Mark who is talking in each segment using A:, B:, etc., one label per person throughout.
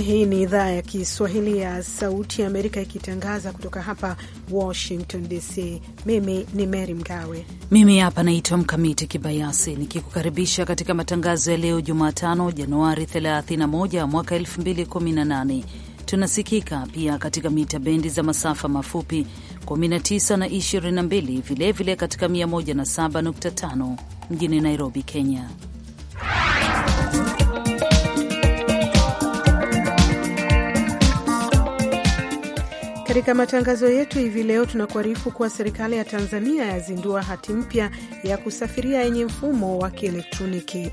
A: Hii ni idhaa ya Kiswahili ya Sauti ya Amerika ikitangaza kutoka hapa Washington DC. Mimi ni Mary Mgawe,
B: mimi hapa naitwa Mkamiti Kibayasi nikikukaribisha katika matangazo ya leo Jumatano, Januari 31 mwaka 2018. Tunasikika pia katika mita bendi za masafa mafupi 19 na 22, vilevile katika 107.5 mjini Nairobi, Kenya.
A: Katika matangazo yetu hivi leo tunakuarifu kuwa serikali ya Tanzania yazindua hati mpya ya kusafiria yenye mfumo wa kielektroniki.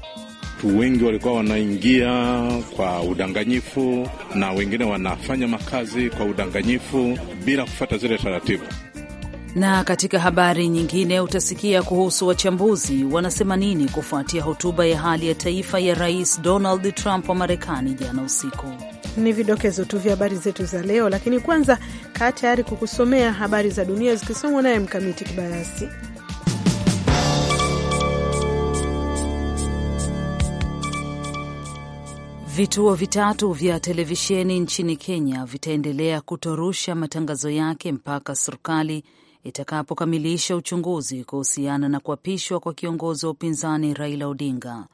C: Watu wengi walikuwa wanaingia kwa udanganyifu na wengine wanafanya makazi kwa udanganyifu bila kufata zile taratibu.
B: Na katika habari nyingine utasikia kuhusu wachambuzi wanasema nini kufuatia hotuba ya hali ya taifa ya Rais Donald Trump wa Marekani jana usiku
A: ni vidokezo tu vya habari zetu za leo, lakini kwanza kaa tayari kukusomea habari za dunia zikisomwa naye Mkamiti Kibayasi.
B: Vituo vitatu vya televisheni nchini Kenya vitaendelea kutorusha matangazo yake mpaka serikali itakapokamilisha uchunguzi kuhusiana na kuapishwa kwa kiongozi wa upinzani Raila Odinga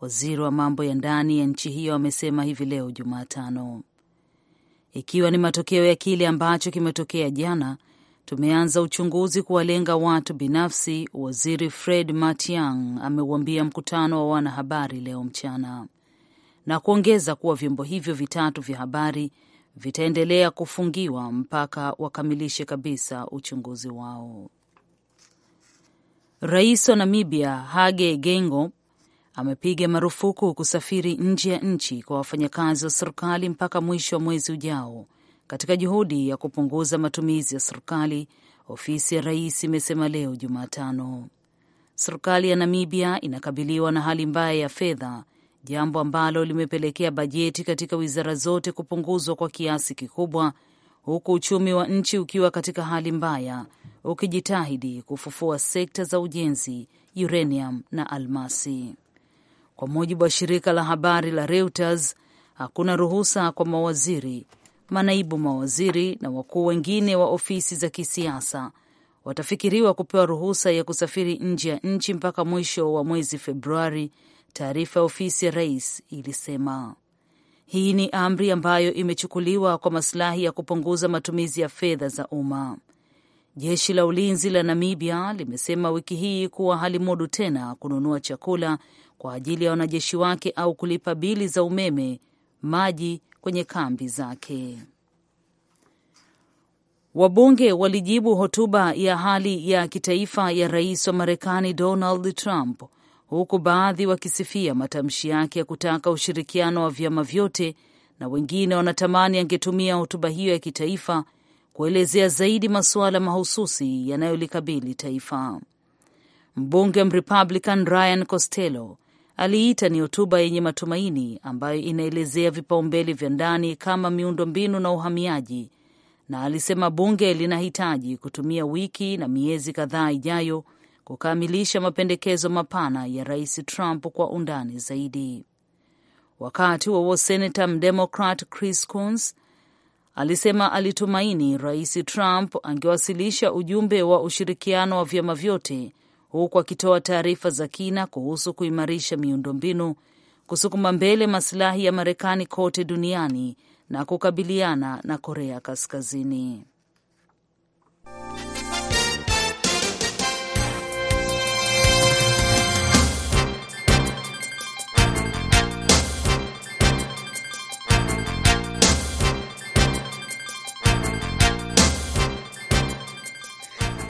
B: waziri wa mambo ya ndani ya nchi hiyo amesema hivi leo Jumatano, ikiwa ni matokeo ya kile ambacho kimetokea jana. Tumeanza uchunguzi kuwalenga watu binafsi, waziri Fred Matiang ameuambia mkutano wa wanahabari leo mchana, na kuongeza kuwa vyombo hivyo vitatu vya habari vitaendelea kufungiwa mpaka wakamilishe kabisa uchunguzi wao. Rais wa Namibia Hage Geingob amepiga marufuku kusafiri nje ya nchi kwa wafanyakazi wa serikali mpaka mwisho wa mwezi ujao. Katika juhudi ya kupunguza matumizi ya serikali, ofisi ya rais imesema leo Jumatano. Serikali ya Namibia inakabiliwa na hali mbaya ya fedha, jambo ambalo limepelekea bajeti katika wizara zote kupunguzwa kwa kiasi kikubwa, huku uchumi wa nchi ukiwa katika hali mbaya, ukijitahidi kufufua sekta za ujenzi, uranium na almasi. Kwa mujibu wa shirika la habari la Reuters, hakuna ruhusa kwa mawaziri, manaibu mawaziri na wakuu wengine wa ofisi za kisiasa watafikiriwa kupewa ruhusa ya kusafiri nje ya nchi mpaka mwisho wa mwezi Februari, taarifa ya ofisi ya rais ilisema. Hii ni amri ambayo imechukuliwa kwa masilahi ya kupunguza matumizi ya fedha za umma. Jeshi la ulinzi la Namibia limesema wiki hii kuwa halimudu tena kununua chakula kwa ajili ya wanajeshi wake au kulipa bili za umeme, maji kwenye kambi zake. Wabunge walijibu hotuba ya hali ya kitaifa ya rais wa Marekani Donald Trump, huku baadhi wakisifia matamshi yake ya kutaka ushirikiano wa vyama vyote na wengine wanatamani angetumia hotuba hiyo ya kitaifa kuelezea zaidi masuala mahususi yanayolikabili taifa. Mbunge Mrepublican Ryan Costello aliita ni hotuba yenye matumaini ambayo inaelezea vipaumbele vya ndani kama miundombinu na uhamiaji, na alisema bunge linahitaji kutumia wiki na miezi kadhaa ijayo kukamilisha mapendekezo mapana ya Rais Trump kwa undani zaidi. Wakati wa senata mdemokrat Chris Coons alisema alitumaini Rais Trump angewasilisha ujumbe wa ushirikiano wa vyama vyote huku akitoa taarifa za kina kuhusu kuimarisha miundombinu, kusukuma mbele masilahi ya Marekani kote duniani na kukabiliana na Korea Kaskazini.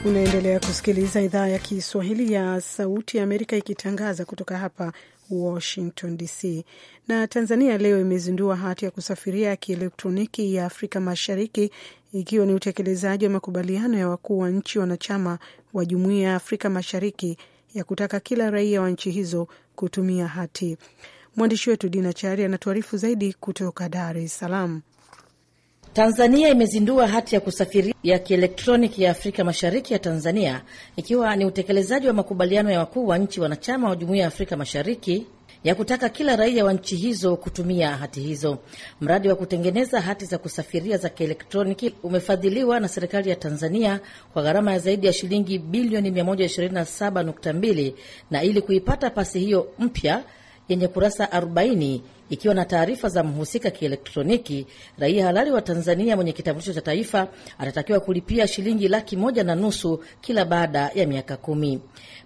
A: Unaendelea kusikiliza idhaa ya Kiswahili ya Sauti ya Amerika ikitangaza kutoka hapa Washington DC. Na Tanzania leo imezindua hati ya kusafiria ya kielektroniki ya Afrika Mashariki, ikiwa ni utekelezaji wa makubaliano ya wakuu wa nchi wanachama wa Jumuiya ya Afrika Mashariki ya kutaka kila raia wa nchi hizo kutumia hati. Mwandishi wetu Dina Chari anatuarifu zaidi kutoka Dar es Salaam.
D: Tanzania imezindua hati ya kusafiri ya kielektroniki ya Afrika Mashariki ya Tanzania, ikiwa ni utekelezaji wa makubaliano ya wakuu wa nchi wanachama wa Jumuiya ya Afrika Mashariki ya kutaka kila raia wa nchi hizo kutumia hati hizo. Mradi wa kutengeneza hati za kusafiria za kielektroniki umefadhiliwa na serikali ya Tanzania kwa gharama ya zaidi ya shilingi bilioni 127.2 na ili kuipata pasi hiyo mpya yenye kurasa ikiwa na taarifa za mhusika kielektroniki. Raia halali wa Tanzania mwenye kitambulisho cha taifa atatakiwa kulipia shilingi laki moja na nusu kila baada ya miaka kumi.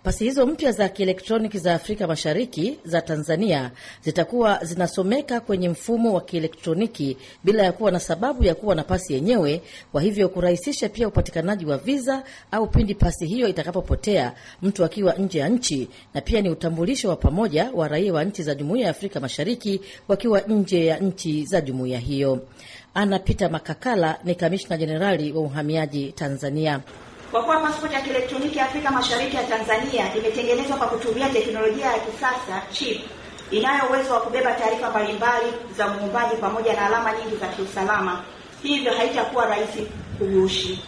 D: Pasi hizo mpya za kielektroniki za Afrika Mashariki za Tanzania zitakuwa zinasomeka kwenye mfumo wa kielektroniki bila ya kuwa na sababu ya kuwa na pasi yenyewe, kwa hivyo kurahisisha pia upatikanaji wa viza au pindi pasi hiyo itakapopotea mtu akiwa nje ya nchi, na pia ni utambulisho wa pamoja wa raia wa nchi za Jumuiya ya Afrika Mashariki wakiwa nje ya nchi za jumuiya hiyo. Ana Peter Makakala ni kamishna jenerali wa uhamiaji Tanzania. Kwa kuwa pasipoti ya kielektroniki Afrika Mashariki ya Tanzania imetengenezwa kwa kutumia teknolojia ya kisasa chip inayo uwezo wa kubeba taarifa mbalimbali za muombaji pamoja na alama nyingi za kiusalama, hivyo haitakuwa rahisi kughushi.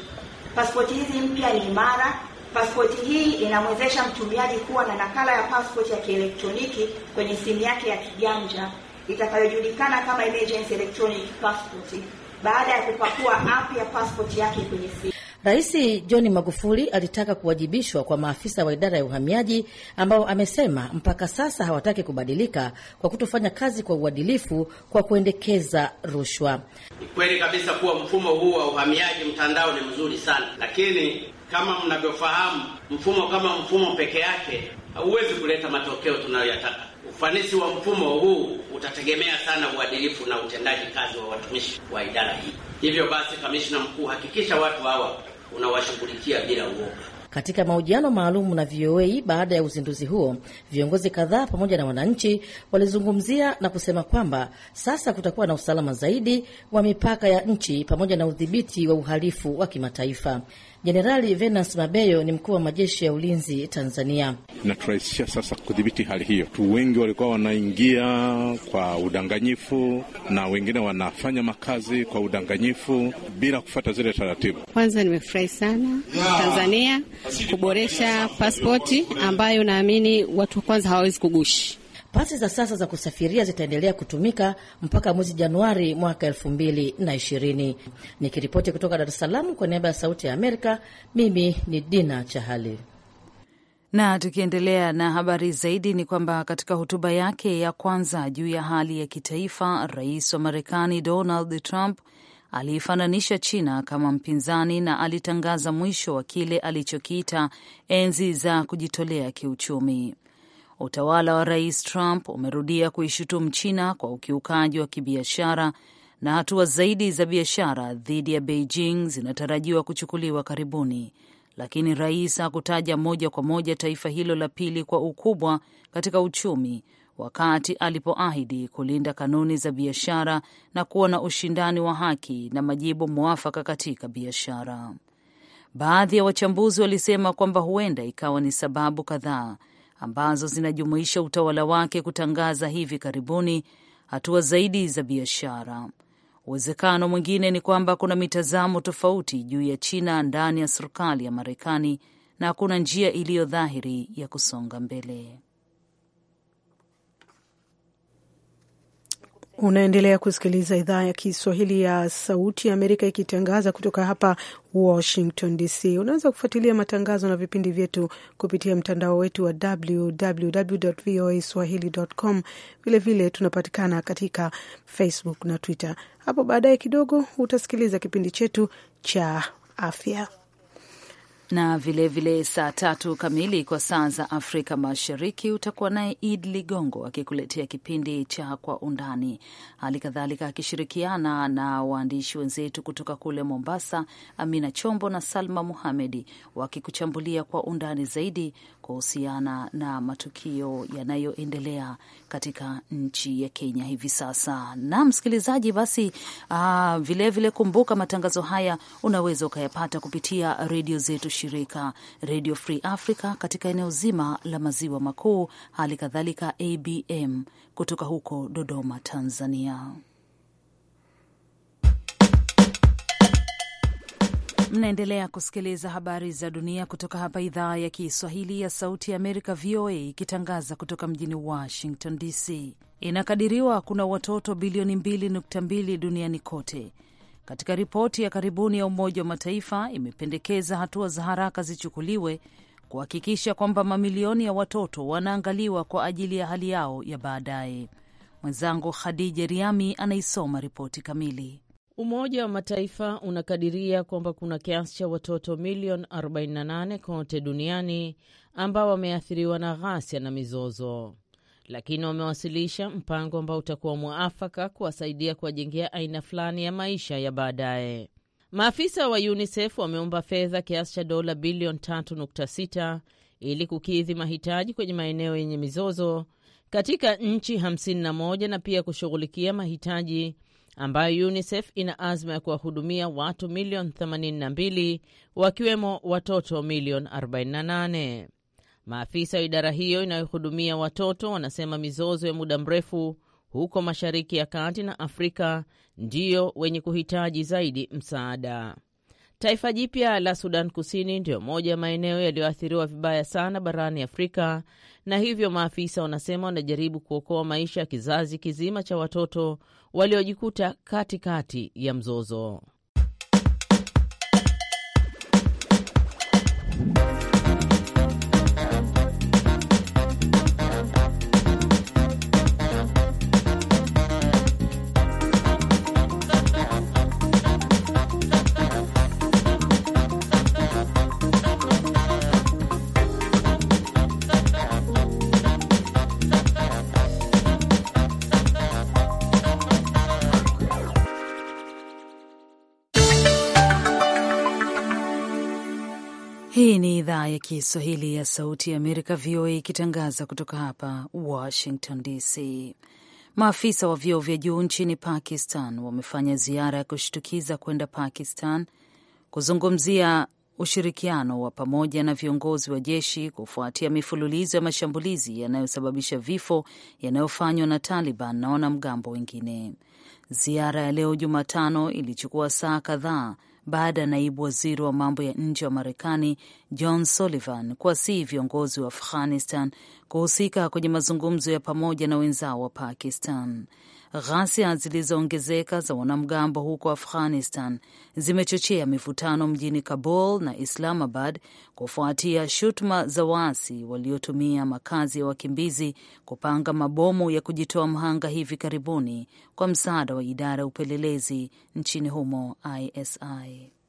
D: Pasipoti hizi mpya ni imara. Pasipoti hii inamwezesha mtumiaji kuwa na nakala ya pasipoti ya kielektroniki kwenye simu yake ya kiganja itakayojulikana kama Emergency Electronic Passport baada ya kupakua app ya pasipoti yake kwenye simu. Rais John Magufuli alitaka kuwajibishwa kwa maafisa wa idara ya uhamiaji ambao amesema mpaka sasa hawataki kubadilika kwa kutofanya kazi kwa uadilifu kwa kuendekeza rushwa. Ni
E: kweli kabisa kuwa mfumo huu wa uhamiaji mtandao ni mzuri sana, lakini kama mnavyofahamu, mfumo kama mfumo peke yake hauwezi kuleta matokeo tunayoyataka. Ufanisi wa mfumo huu utategemea sana uadilifu na utendaji kazi wa watumishi wa idara hii. Hivyo basi, kamishna mkuu, hakikisha watu hawa unawashughulikia bila uoga.
D: Katika mahojiano maalum na VOA baada ya uzinduzi huo, viongozi kadhaa pamoja na wananchi walizungumzia na kusema kwamba sasa kutakuwa na usalama zaidi wa mipaka ya nchi pamoja na udhibiti wa uhalifu wa kimataifa. Jenerali Venance Mabeyo ni mkuu wa majeshi ya ulinzi Tanzania.
C: Inaturahisisha sasa kudhibiti hali hiyo. Watu wengi walikuwa wanaingia kwa udanganyifu na wengine wanafanya makazi kwa udanganyifu bila kufata zile taratibu.
D: Kwanza nimefurahi sana Tanzania kuboresha paspoti ambayo naamini watu kwanza hawawezi kugushi Pasi za sasa za kusafiria zitaendelea kutumika mpaka mwezi Januari mwaka elfu mbili na ishirini. Nikiripoti kutoka Dar es Salaam kwa niaba ya Sauti ya Amerika, mimi ni Dina Chahali. Na tukiendelea na
B: habari zaidi ni kwamba
D: katika hotuba yake
B: ya kwanza juu ya hali ya kitaifa, rais wa Marekani Donald Trump aliifananisha China kama mpinzani na alitangaza mwisho wa kile alichokiita enzi za kujitolea kiuchumi. Utawala wa Rais Trump umerudia kuishutumu China kwa ukiukaji wa kibiashara na hatua zaidi za biashara dhidi ya Beijing zinatarajiwa kuchukuliwa karibuni, lakini rais hakutaja moja kwa moja taifa hilo la pili kwa ukubwa katika uchumi wakati alipoahidi kulinda kanuni za biashara na kuwa na ushindani wa haki na majibu mwafaka katika biashara. Baadhi ya wachambuzi walisema kwamba huenda ikawa ni sababu kadhaa ambazo zinajumuisha utawala wake kutangaza hivi karibuni hatua zaidi za biashara. Uwezekano mwingine ni kwamba kuna mitazamo tofauti juu ya China ndani ya serikali ya Marekani na hakuna njia iliyo dhahiri ya kusonga mbele.
A: Unaendelea kusikiliza idhaa ya Kiswahili ya Sauti ya Amerika ikitangaza kutoka hapa Washington DC. Unaweza kufuatilia matangazo na vipindi vyetu kupitia mtandao wetu wa www voa swahili.com. Vilevile tunapatikana katika Facebook na Twitter. Hapo baadaye kidogo utasikiliza kipindi chetu cha afya na vilevile saa
B: tatu kamili kwa saa za Afrika Mashariki utakuwa naye Id Ligongo akikuletea kipindi cha Kwa Undani, hali kadhalika akishirikiana na waandishi wenzetu kutoka kule Mombasa, Amina Chombo na Salma Muhamedi, wakikuchambulia kwa undani zaidi kuhusiana na matukio yanayoendelea katika nchi ya Kenya hivi sasa. Na msikilizaji, basi vilevile, ah, vile kumbuka matangazo haya unaweza ukayapata kupitia redio zetu washirika Radio Free Africa katika eneo zima la maziwa makuu, hali kadhalika ABM kutoka huko Dodoma, Tanzania. Mnaendelea kusikiliza habari za dunia kutoka hapa idhaa ya Kiswahili ya Sauti ya Amerika, VOA, ikitangaza kutoka mjini Washington DC. Inakadiriwa kuna watoto bilioni 2.2 duniani kote katika ripoti ya karibuni ya Umoja wa Mataifa imependekeza hatua za haraka zichukuliwe kuhakikisha kwamba mamilioni ya watoto wanaangaliwa kwa ajili ya hali yao ya baadaye. Mwenzangu Khadija Riami anaisoma ripoti kamili.
F: Umoja wa Mataifa unakadiria kwamba kuna kiasi cha watoto milioni 48 kote duniani ambao wameathiriwa na ghasia na mizozo lakini wamewasilisha mpango ambao utakuwa mwafaka kuwasaidia kuwajengea aina fulani ya maisha ya baadaye. Maafisa wa UNICEF wameomba fedha kiasi cha dola bilioni 3.6 ili kukidhi mahitaji kwenye maeneo yenye mizozo katika nchi 51 na pia kushughulikia mahitaji ambayo UNICEF ina azma ya kuwahudumia watu milioni 82 wakiwemo watoto milioni 48. Maafisa wa idara hiyo inayohudumia watoto wanasema mizozo ya muda mrefu huko Mashariki ya Kati na Afrika ndiyo wenye kuhitaji zaidi msaada. Taifa jipya la Sudan Kusini ndiyo moja ya maeneo yaliyoathiriwa vibaya sana barani Afrika, na hivyo maafisa wanasema wanajaribu kuokoa maisha ya kizazi kizima cha watoto waliojikuta katikati ya mzozo.
B: ni idhaa ya Kiswahili ya Sauti ya Amerika, VOA, ikitangaza kutoka hapa Washington DC. Maafisa wa vyeo vya juu nchini Pakistan wamefanya ziara ya kushtukiza kwenda Pakistan kuzungumzia ushirikiano wa pamoja na viongozi wa jeshi kufuatia mifululizo ya mashambulizi yanayosababisha vifo yanayofanywa na Taliban na wanamgambo wengine. Ziara ya leo Jumatano ilichukua saa kadhaa baada ya naibu waziri wa mambo ya nje wa Marekani John Sullivan kuwasihi viongozi wa Afghanistan kuhusika kwenye mazungumzo ya pamoja na wenzao wa Pakistan. Ghasia zilizoongezeka za wanamgambo huko Afghanistan zimechochea mivutano mjini Kabul na Islamabad kufuatia shutuma za waasi waliotumia makazi ya wakimbizi kupanga mabomu ya kujitoa mhanga hivi karibuni kwa msaada wa idara ya upelelezi nchini humo ISI.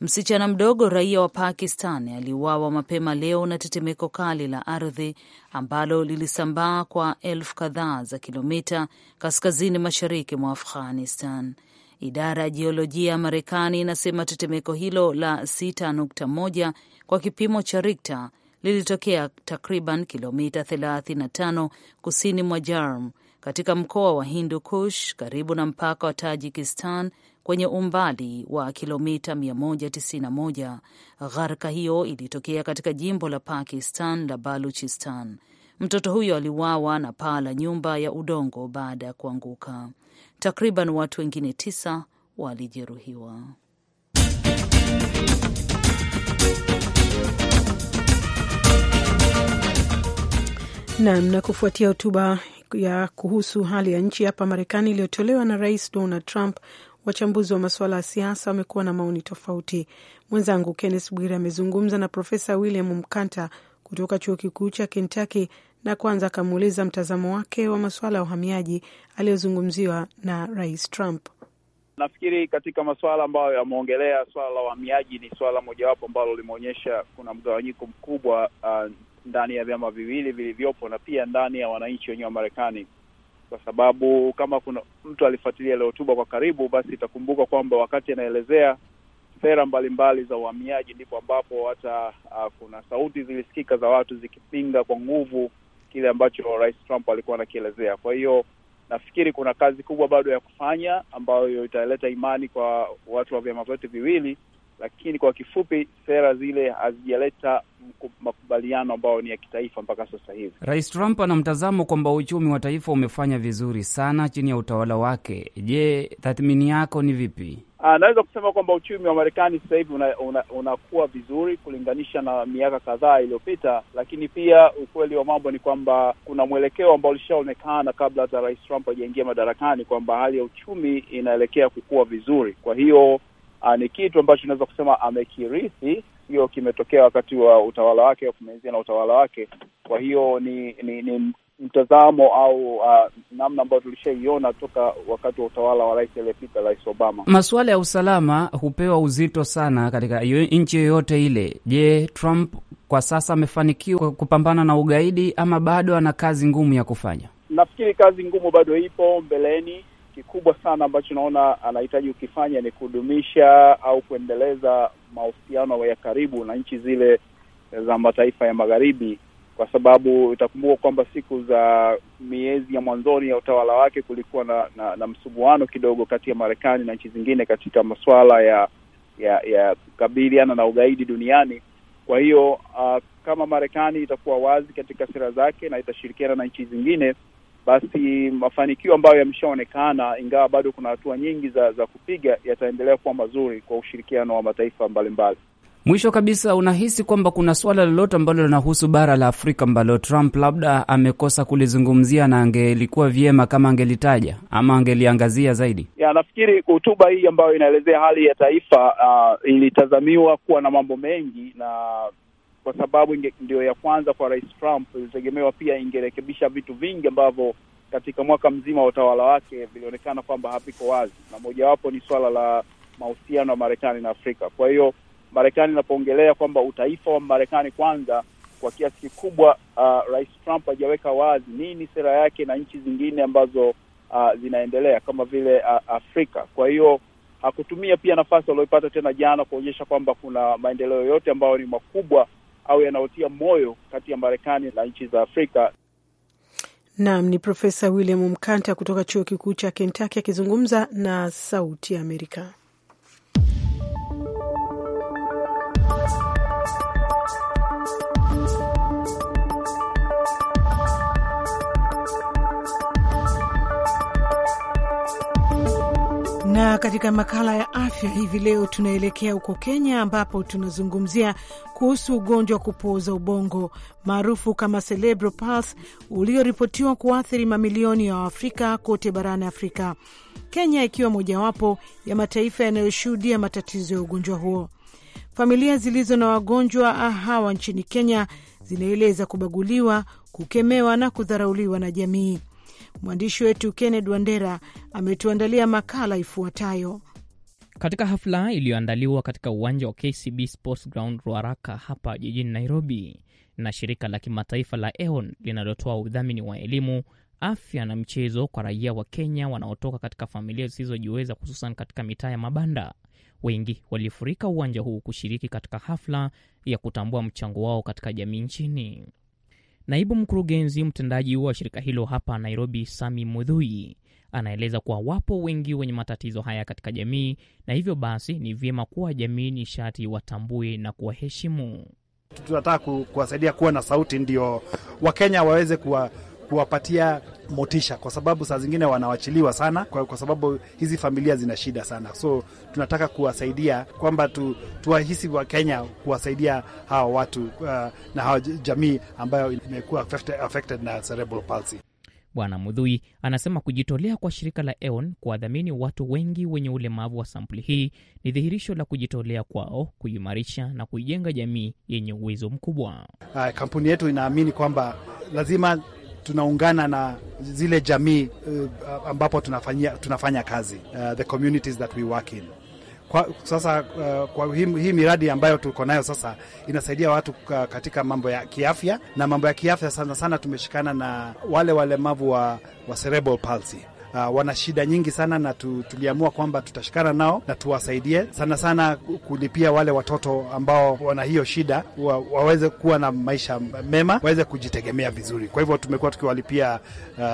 B: Msichana mdogo raia wa Pakistan aliuawa mapema leo na tetemeko kali la ardhi ambalo lilisambaa kwa elfu kadhaa za kilomita kaskazini mashariki mwa Afghanistan. Idara ya jiolojia ya Marekani inasema tetemeko hilo la 6.1 kwa kipimo cha Richter lilitokea takriban kilomita 35 kusini mwa Jarm katika mkoa wa Hindu Kush karibu na mpaka wa Tajikistan kwenye umbali wa kilomita 191. Gharika hiyo ilitokea katika jimbo la Pakistan la Baluchistan. Mtoto huyo aliwawa na paa la nyumba ya udongo baada ya kuanguka. Takriban watu wengine tisa walijeruhiwa.
A: Nam na kufuatia hotuba ya kuhusu hali ya nchi hapa Marekani iliyotolewa na Rais Donald Trump, Wachambuzi wa masuala ya siasa wamekuwa na maoni tofauti. Mwenzangu Kennes Bwire amezungumza na Profesa William Mkanta kutoka chuo kikuu cha Kentucky na kwanza akamuuliza mtazamo wake wa masuala ya uhamiaji aliyozungumziwa na Rais Trump.
G: Nafikiri katika masuala ambayo yameongelea, swala la uhamiaji ni swala mojawapo ambalo limeonyesha kuna mgawanyiko mkubwa uh, ndani ya vyama viwili vilivyopo na pia ndani ya wananchi wenyewe wa Marekani kwa sababu kama kuna mtu alifuatilia ile hotuba kwa karibu, basi itakumbuka kwamba wakati anaelezea sera mbalimbali za uhamiaji, ndipo ambapo hata uh, kuna sauti zilisikika za watu zikipinga kwa nguvu kile ambacho Rais Trump alikuwa anakielezea. Kwa hiyo nafikiri kuna kazi kubwa bado ya kufanya ambayo italeta imani kwa watu wa vyama vyote viwili lakini kwa kifupi, sera zile hazijaleta makubaliano ambayo ni ya kitaifa mpaka sasa hivi.
H: Rais Trump ana mtazamo kwamba uchumi wa taifa umefanya vizuri sana chini ya utawala wake. Je, tathmini yako ni vipi?
G: Ah, naweza kusema kwamba uchumi wa Marekani sasa hivi unakuwa una, una vizuri kulinganisha na miaka kadhaa iliyopita, lakini pia ukweli wa mambo ni kwamba kuna mwelekeo ambao ulishaonekana kabla hata Rais Trump hajaingia madarakani kwamba hali ya uchumi inaelekea kukua vizuri. Kwa hiyo Ah, ni kitu ambacho tunaweza kusema amekirithi, hiyo kimetokea wakati wa utawala wake au kumezia na utawala wake. Kwa hiyo ni, ni, ni mtazamo au uh, namna ambayo tulishaiona toka wakati wa utawala wa rais aliyepita, Rais Obama. Masuala
H: ya usalama hupewa uzito sana katika nchi yoyote ile. Je, Trump kwa sasa amefanikiwa kupambana na ugaidi ama bado ana kazi ngumu ya kufanya?
G: Nafikiri kazi ngumu bado ipo mbeleni kikubwa sana ambacho naona anahitaji ukifanya ni kudumisha au kuendeleza mahusiano ya karibu na nchi zile za mataifa ya magharibi, kwa sababu itakumbuka kwamba siku za miezi ya mwanzoni ya utawala wake kulikuwa na, na, na msuguano kidogo kati ya Marekani na nchi zingine katika masuala ya ya ya kukabiliana na ugaidi duniani. Kwa hiyo uh, kama Marekani itakuwa wazi katika sera zake na itashirikiana na nchi zingine basi mafanikio ambayo yameshaonekana, ingawa bado kuna hatua nyingi za, za kupiga, yataendelea kuwa mazuri kwa ushirikiano wa mataifa mbalimbali.
H: Mwisho kabisa, unahisi kwamba kuna suala lolote ambalo linahusu bara la Afrika ambalo Trump labda amekosa kulizungumzia na angelikuwa vyema kama angelitaja ama angeliangazia zaidi?
G: Ya, nafikiri hotuba hii ambayo inaelezea hali ya taifa uh, ilitazamiwa kuwa na mambo mengi na kwa sababu ndio ya kwanza kwa Rais Trump. Ilitegemewa pia ingerekebisha vitu vingi ambavyo katika mwaka mzima wa utawala wake vilionekana kwamba haviko wazi, na mojawapo ni swala la mahusiano ya Marekani na Afrika. Kwa hiyo Marekani inapoongelea kwamba utaifa wa Marekani kwanza, kwa kiasi kikubwa uh, Rais Trump hajaweka wazi nini sera yake na nchi zingine ambazo uh, zinaendelea kama vile uh, Afrika. Kwa hiyo hakutumia pia nafasi aliyoipata tena jana kuonyesha kwamba kuna maendeleo yote ambayo ni makubwa au yanayotia moyo kati ya Marekani na nchi za Afrika.
A: Naam, ni Profesa William Mkanta kutoka chuo kikuu cha Kentucky akizungumza na Sauti ya Amerika. Na katika makala ya afya hivi leo tunaelekea huko Kenya, ambapo tunazungumzia kuhusu ugonjwa wa kupooza ubongo maarufu kama cerebral palsy ulioripotiwa kuathiri mamilioni ya Waafrika kote barani Afrika, Kenya ikiwa mojawapo ya mataifa yanayoshuhudia matatizo ya ugonjwa huo. Familia zilizo na wagonjwa hawa nchini Kenya zinaeleza kubaguliwa, kukemewa na kudharauliwa na jamii. Mwandishi wetu Kenneth Wandera ametuandalia makala ifuatayo.
H: Katika hafla iliyoandaliwa katika uwanja wa KCB Sports Ground Ruaraka hapa jijini Nairobi na shirika la kimataifa la EON linalotoa udhamini wa elimu, afya na mchezo kwa raia wa Kenya wanaotoka katika familia zisizojiweza, hususan katika mitaa ya mabanda, wengi walifurika uwanja huu kushiriki katika hafla ya kutambua mchango wao katika jamii nchini. Naibu mkurugenzi mtendaji wa shirika hilo hapa Nairobi, Sami Mudhui, anaeleza kuwa wapo wengi wenye matatizo haya katika jamii, na hivyo basi ni vyema kuwa jamii ni shati watambue na kuwaheshimu. Tunataka
I: kuwasaidia kuwa na sauti, ndio Wakenya waweze kuwa kuwapatia motisha, kwa sababu saa zingine wanawachiliwa sana kwa, kwa sababu hizi familia zina shida sana, so tunataka kuwasaidia kwamba tu, tuwahisi wa Kenya kuwasaidia hawa watu uh, na hawa jamii ambayo imekuwa affected, na cerebral palsy.
H: Bwana Mudhui anasema kujitolea kwa shirika la EON kuwadhamini watu wengi wenye ulemavu wa sampuli hii ni dhihirisho la kujitolea kwao kuimarisha na kuijenga jamii yenye uwezo mkubwa.
I: Uh, kampuni yetu inaamini kwamba lazima tunaungana na zile jamii uh, ambapo tunafanya, tunafanya kazi uh, the communities that we work in. Kwa, sasa uh, kwa hii, hii miradi ambayo tuko nayo sasa inasaidia watu katika mambo ya kiafya na mambo ya kiafya sana sana tumeshikana na wale walemavu wa, wa cerebral palsy Ah, wana shida nyingi sana, na tu, tuliamua kwamba tutashikana nao na tuwasaidie sana sana kulipia wale watoto ambao wana hiyo shida wa, waweze kuwa na maisha mema, waweze kujitegemea vizuri. Kwa hivyo tumekuwa tukiwalipia uh,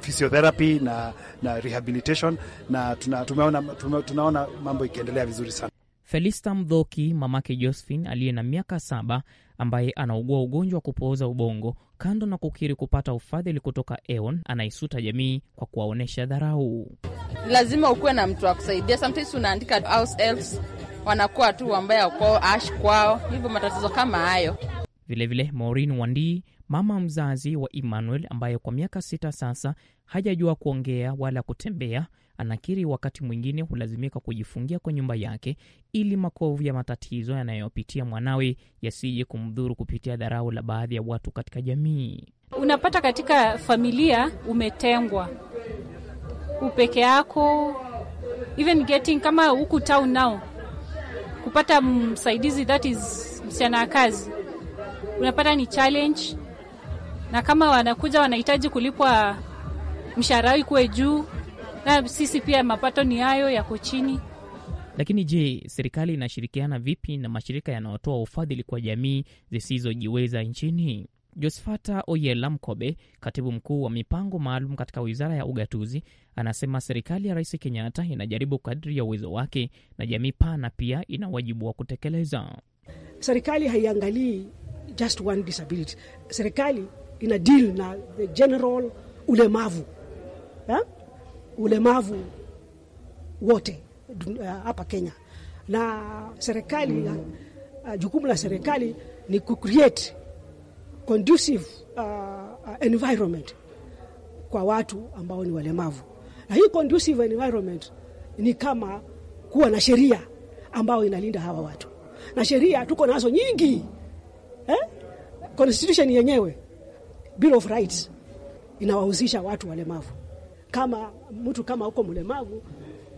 I: physiotherapy na, na rehabilitation na tuna, tumeona, tume, tunaona mambo ikiendelea
H: vizuri sana. Felista Mdhoki, mamake Josephine aliye na miaka saba, ambaye anaugua ugonjwa wa kupooza ubongo, kando na kukiri kupata ufadhili kutoka EON, anaisuta jamii kwa kuwaonyesha dharau.
F: Lazima ukuwe na mtu wa kusaidia. Sometimes unaandika house elves, wanakuwa tu ambaye kwao ash kwao, hivyo matatizo kama hayo.
H: Vilevile Maureen Wandii, mama mzazi wa Emmanuel ambaye kwa miaka sita sasa hajajua kuongea wala kutembea Anakiri wakati mwingine hulazimika kujifungia kwa nyumba yake ili makovu ya matatizo yanayopitia mwanawe yasije kumdhuru kupitia dharau la baadhi ya watu katika jamii.
A: Unapata katika familia umetengwa, upeke yako, even getting kama huku town nao kupata msaidizi that is msichana wa kazi unapata ni challenge, na kama wanakuja wanahitaji kulipwa mshahara ikuwe juu na sisi pia mapato ni hayo yako chini.
H: Lakini je, serikali inashirikiana vipi na mashirika yanayotoa ufadhili kwa jamii zisizojiweza nchini? Josfata Oyela Mkobe, katibu mkuu wa mipango maalum katika wizara ya ugatuzi, anasema serikali ya Rais Kenyatta inajaribu kadri ya uwezo wake, na jamii pana pia ina wajibu wa kutekeleza.
E: Serikali haiangalii just one disability. Serikali ina deal na the general ulemavu ha? Eh? ulemavu wote eh, hapa Kenya, na serikali uh, jukumu la serikali ni kucreate conducive uh, environment kwa watu ambao ni walemavu, na hii conducive environment ni kama kuwa na sheria ambayo inalinda hawa watu, na sheria tuko nazo nyingi eh? Constitution yenyewe Bill of Rights inawahusisha watu walemavu kama mtu kama uko mlemavu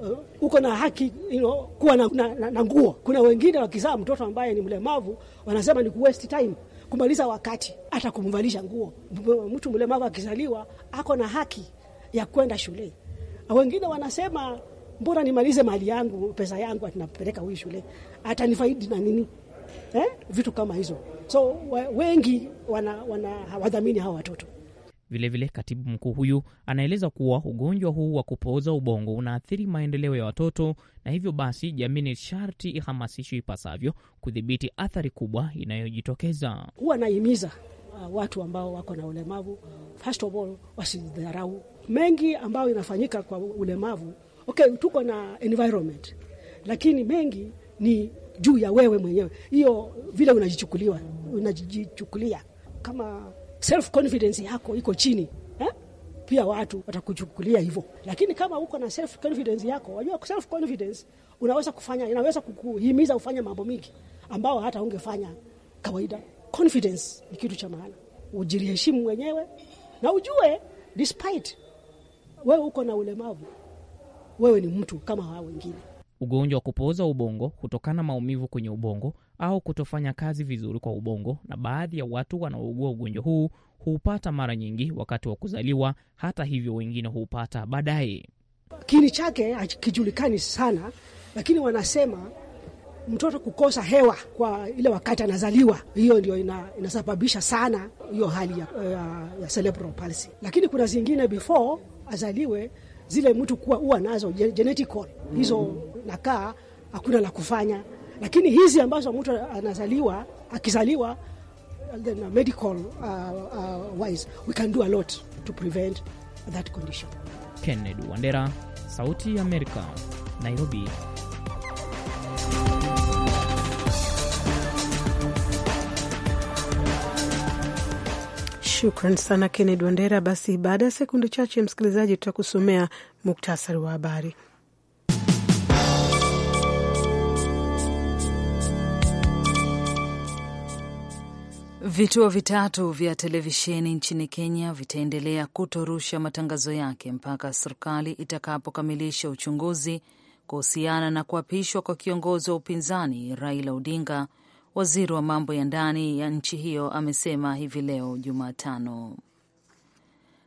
E: uh, uko na haki you know, kuwa na, na, na nguo. Kuna wengine wakizaa mtoto ambaye ni mlemavu wanasema ni kuwaste time kumaliza wakati hata kumvalisha nguo. Mtu mlemavu akizaliwa ako na haki ya kwenda shule. Wengine wanasema mbona nimalize mali yangu pesa yangu atinapeleka huyu shule atanifaidi na nini eh? Vitu kama hizo, so wengi wana, wana hawadhamini hawa watoto.
H: Vilevile, katibu mkuu huyu anaeleza kuwa ugonjwa huu wa kupooza ubongo unaathiri maendeleo ya watoto na hivyo basi jamii ni sharti ihamasishwe ipasavyo kudhibiti athari kubwa inayojitokeza.
E: Huwa nahimiza uh, watu ambao wako na ulemavu uh, first of all wasidharau mengi ambayo inafanyika kwa ulemavu. Okay, tuko na environment, lakini mengi ni juu ya wewe mwenyewe, hiyo vile unajichukuliwa unajichukulia kama self confidence yako iko chini eh? Pia watu watakuchukulia hivyo, lakini kama uko na self confidence yako, wajua self confidence unaweza kufanya, inaweza kukuhimiza ufanye mambo mingi ambao hata ungefanya kawaida. Confidence ni kitu cha maana, ujiheshimu mwenyewe na ujue despite wewe uko na ulemavu, wewe ni mtu kama hao wengine.
H: Ugonjwa wa kupooza ubongo hutokana maumivu kwenye ubongo au kutofanya kazi vizuri kwa ubongo, na baadhi ya watu wanaougua ugonjwa huu huupata mara nyingi wakati wa kuzaliwa. Hata hivyo, wengine huupata baadaye.
E: Kiini chake hakijulikani sana, lakini wanasema mtoto kukosa hewa kwa ile wakati anazaliwa, hiyo ndio ina, inasababisha sana hiyo hali ya, ya, ya cerebral palsy. Lakini kuna zingine before azaliwe zile mtu kuwa huwa nazo genetical hizo, nakaa hakuna la kufanya lakini hizi ambazo mtu anazaliwa akizaliwa medical uh, uh, wise we can do a lot to prevent that condition.
H: Kennedy Wandera, Sauti ya Amerika, Nairobi.
A: Shukran sana Kennedy Wandera. Basi baada ya sekunde chache, msikilizaji, tutakusomea muktasari wa habari.
B: Vituo vitatu vya televisheni nchini Kenya vitaendelea kutorusha matangazo yake mpaka serikali itakapokamilisha uchunguzi kuhusiana na kuapishwa kwa kiongozi wa upinzani Raila Odinga. Waziri wa mambo ya ndani ya nchi hiyo amesema hivi leo Jumatano.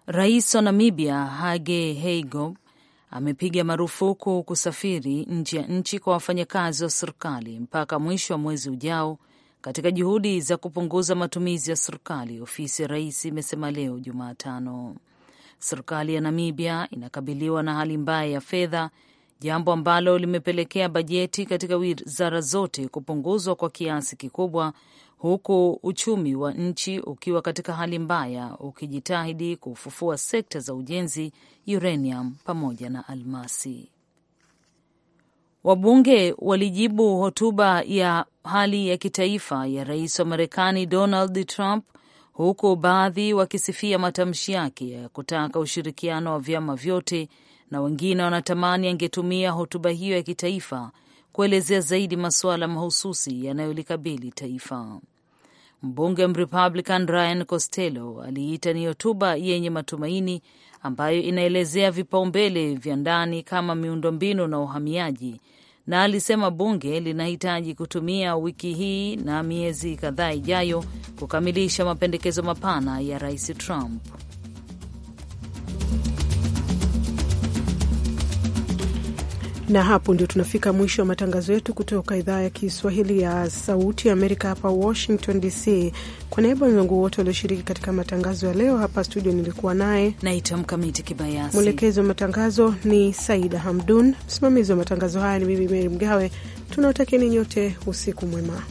B: Rais wa Namibia Hage Geingob amepiga marufuku kusafiri nje ya nchi kwa wafanyakazi wa serikali mpaka mwisho wa mwezi ujao katika juhudi za kupunguza matumizi ya serikali, ofisi ya rais imesema leo Jumatano. Serikali ya Namibia inakabiliwa na hali mbaya ya fedha, jambo ambalo limepelekea bajeti katika wizara zote kupunguzwa kwa kiasi kikubwa, huku uchumi wa nchi ukiwa katika hali mbaya, ukijitahidi kufufua sekta za ujenzi, uranium pamoja na almasi. Wabunge walijibu hotuba ya hali ya kitaifa ya rais wa Marekani Donald Trump, huku baadhi wakisifia matamshi yake ya kutaka ushirikiano wa vyama vyote na wengine wanatamani angetumia hotuba hiyo ya kitaifa kuelezea zaidi masuala mahususi yanayolikabili taifa. Mbunge Mrepublican Ryan Costello aliita ni hotuba yenye matumaini ambayo inaelezea vipaumbele vya ndani kama miundombinu na uhamiaji, na alisema bunge linahitaji kutumia wiki hii na miezi kadhaa ijayo kukamilisha mapendekezo mapana ya Rais Trump.
A: Na hapo ndio tunafika mwisho wa matangazo yetu kutoka idhaa ya Kiswahili ya Sauti ya Amerika hapa Washington DC. Kwa niaba ya wenzangu wote walioshiriki katika matangazo ya leo, hapa studio nilikuwa naye naitwa Mkamiti Kibayasi, mwelekezi wa matangazo ni Saida Hamdun, msimamizi wa matangazo haya ni mimi Meri Mgawe. Tunaotakieni nyote usiku mwema.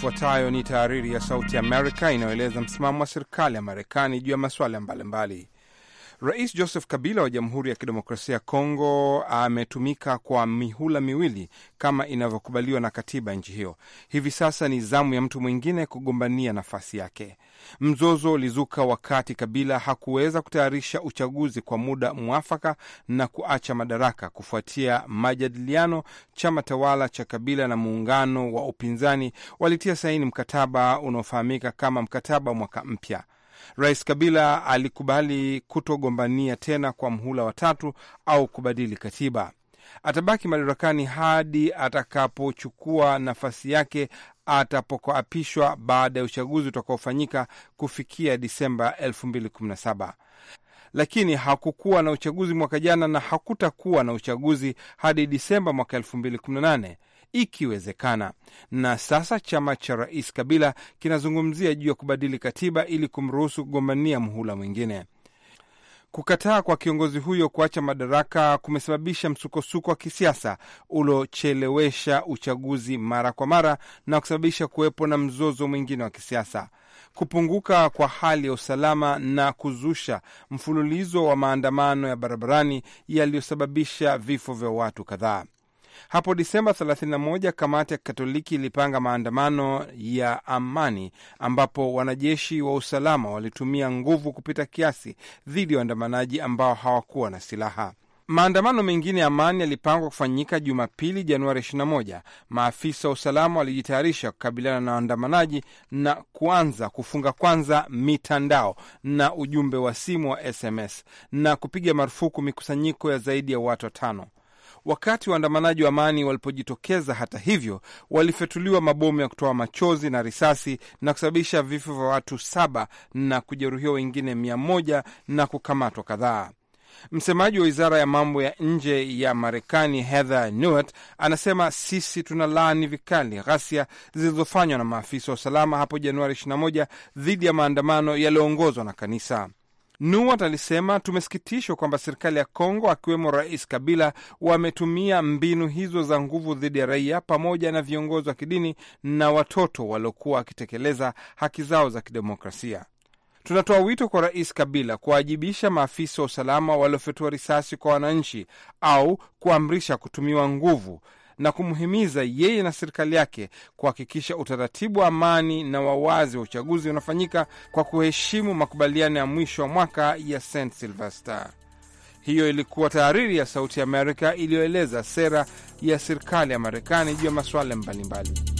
C: Ifuatayo ni tahariri ya Sauti Amerika inayoeleza msimamo wa serikali ya Marekani juu ya masuala mbalimbali. Rais Joseph Kabila wa Jamhuri ya Kidemokrasia ya Kongo ametumika kwa mihula miwili kama inavyokubaliwa na katiba nchi hiyo. Hivi sasa ni zamu ya mtu mwingine kugombania nafasi yake. Mzozo ulizuka wakati Kabila hakuweza kutayarisha uchaguzi kwa muda mwafaka na kuacha madaraka kufuatia majadiliano. Chama tawala cha Kabila na muungano wa upinzani walitia saini mkataba unaofahamika kama mkataba mwaka mpya. Rais Kabila alikubali kutogombania tena kwa mhula wa tatu au kubadili katiba. Atabaki madarakani hadi atakapochukua nafasi yake atapokoapishwa baada ya uchaguzi utakaofanyika kufikia Disemba 2017. Lakini hakukuwa na uchaguzi mwaka jana na hakutakuwa na uchaguzi hadi Disemba mwaka nane ikiwezekana. Na sasa chama cha rais Kabila kinazungumzia juu ya kubadili katiba ili kumruhusu kugombania mhula mwingine. Kukataa kwa kiongozi huyo kuacha madaraka kumesababisha msukosuko wa kisiasa uliochelewesha uchaguzi mara kwa mara na kusababisha kuwepo na mzozo mwingine wa kisiasa, kupunguka kwa hali ya usalama na kuzusha mfululizo wa maandamano ya barabarani yaliyosababisha vifo vya watu kadhaa. Hapo Disemba 31 kamati ya Katoliki ilipanga maandamano ya amani ambapo wanajeshi wa usalama walitumia nguvu kupita kiasi dhidi ya waandamanaji ambao hawakuwa na silaha. Maandamano mengine ya amani yalipangwa kufanyika Jumapili, Januari 21. Maafisa wa usalama walijitayarisha kukabiliana na waandamanaji na kuanza kufunga kwanza mitandao na ujumbe wa simu wa SMS na kupiga marufuku mikusanyiko ya zaidi ya watu watano. Wakati waandamanaji wa amani walipojitokeza, hata hivyo, walifyatuliwa mabomu ya kutoa machozi na risasi na kusababisha vifo vya watu saba na kujeruhiwa wengine mia moja na kukamatwa kadhaa. Msemaji wa wizara ya mambo ya nje ya Marekani Heather Nauert anasema sisi tuna laani vikali ghasia zilizofanywa na maafisa wa usalama hapo Januari 21 dhidi ya maandamano yaliyoongozwa na kanisa. Nuwat alisema tumesikitishwa kwamba serikali ya Kongo akiwemo Rais Kabila wametumia mbinu hizo za nguvu dhidi ya raia pamoja na viongozi wa kidini na watoto waliokuwa wakitekeleza haki zao za kidemokrasia. Tunatoa wito kwa Rais Kabila kuwaajibisha maafisa wa usalama waliofyatua risasi kwa wananchi au kuamrisha kutumiwa nguvu na kumhimiza yeye na serikali yake kuhakikisha utaratibu wa amani na wawazi wa uchaguzi unafanyika kwa kuheshimu makubaliano ya mwisho wa mwaka ya St Silvester. Hiyo ilikuwa tahariri ya Sauti ya Amerika iliyoeleza sera ya serikali ya Marekani juu ya masuala mbalimbali.